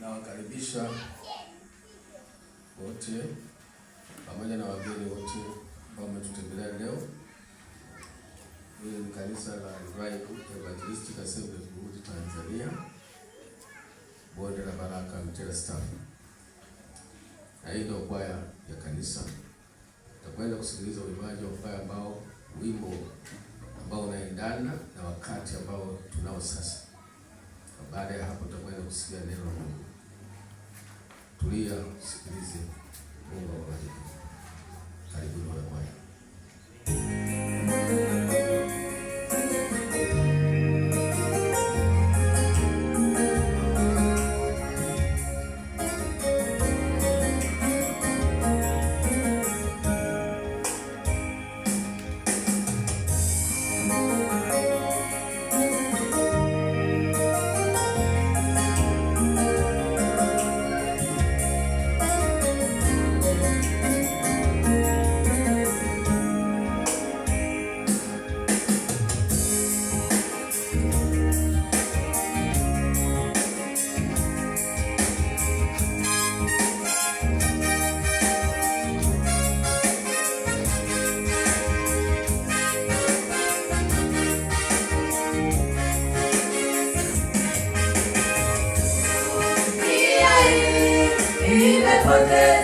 Nawakaribisha wote pamoja na wageni wote ambao wametutembelea leo. Hili ni kanisa la Revival Evangelistic Assemblies of Tanzania, bonde la Baraka, Mtera Stafu, na hii ndio kwaya ya kanisa. Tutakwenda kusikiliza uimbaji wa kwaya ambao wimbo ambao unaendana na wakati ambao tunao sasa. Baada ya hapo tutakwenda kusikia neno la Mungu. Tulia, sikilize Mungu awabariki. Karibuni wana Bwana. Okay.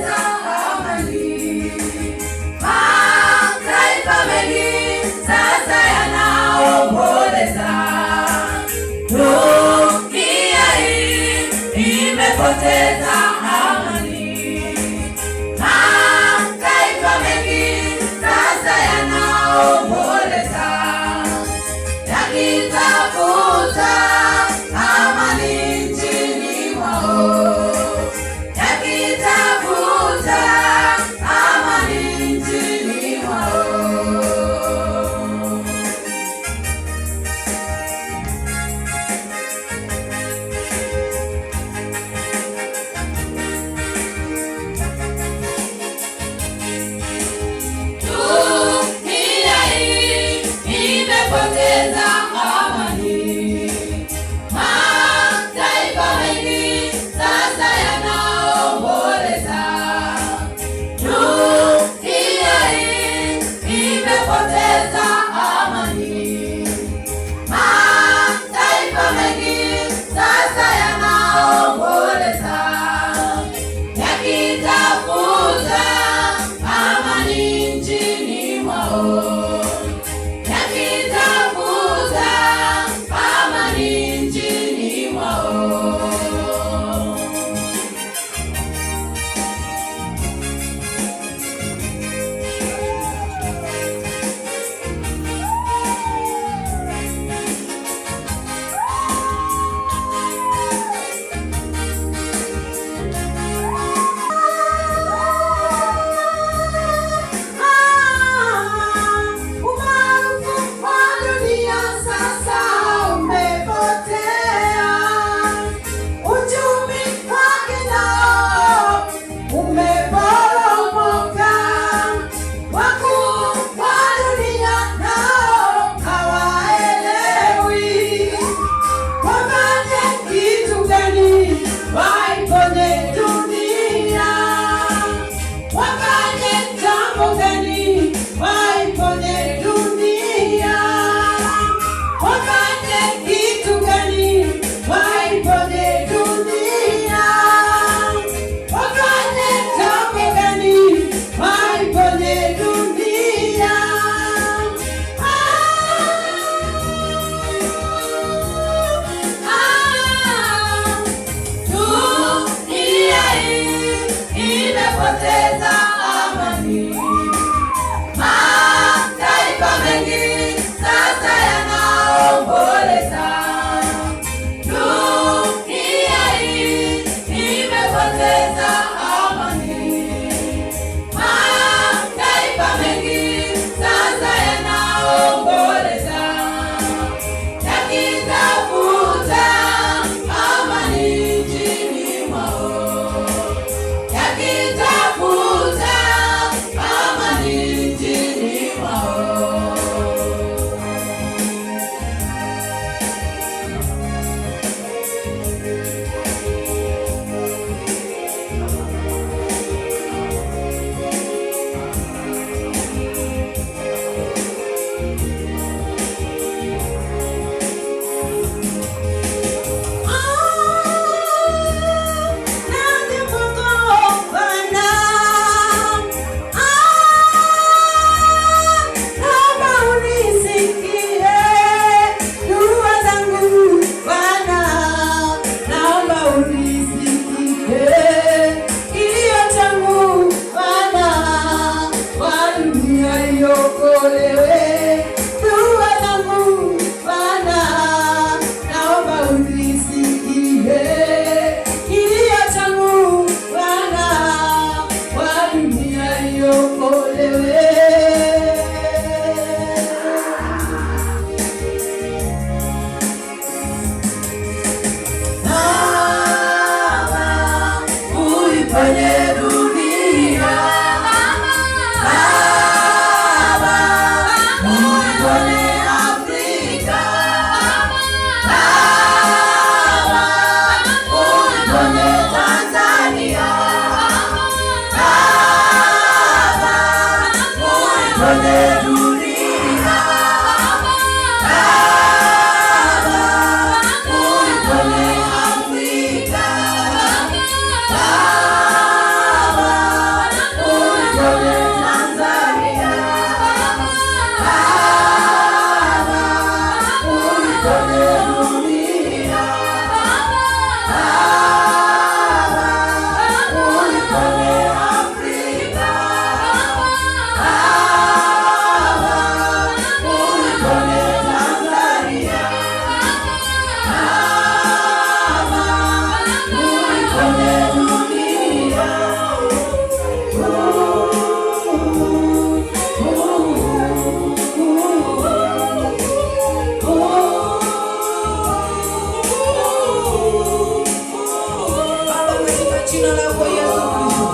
jina lako Yesu Kristo.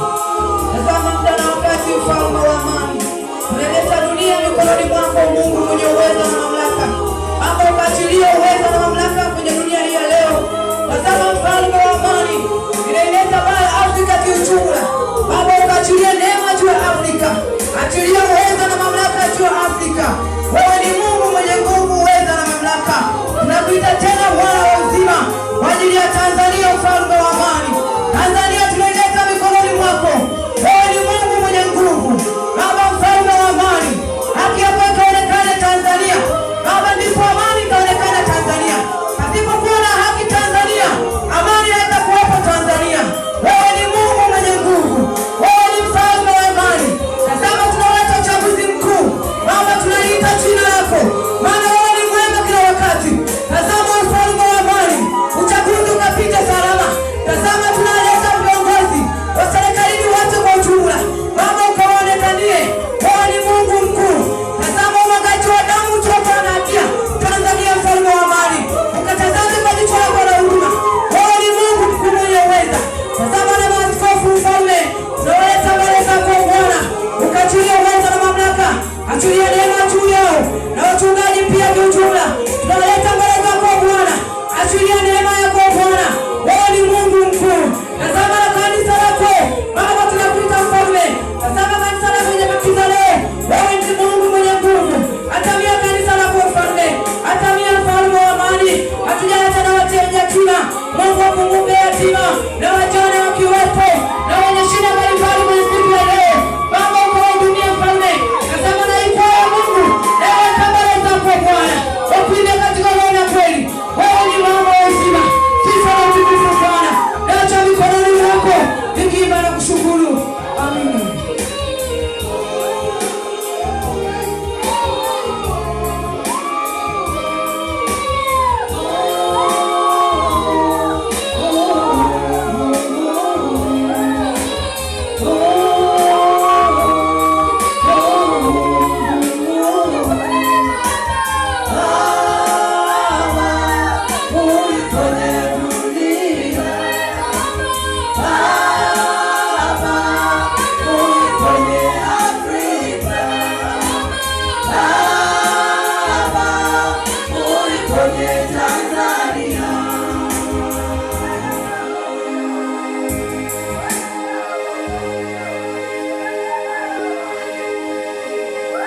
Tazama muda na wakati, mfalme wa amani, unaleta dunia mikononi mwako, Mungu mwenye uweza na mamlaka, ambao ukaachilia uweza na mamlaka kwenye dunia hii ya leo. Tazama mfalme wa amani, inaileta bara Afrika kiujumla, ambao ukaachilia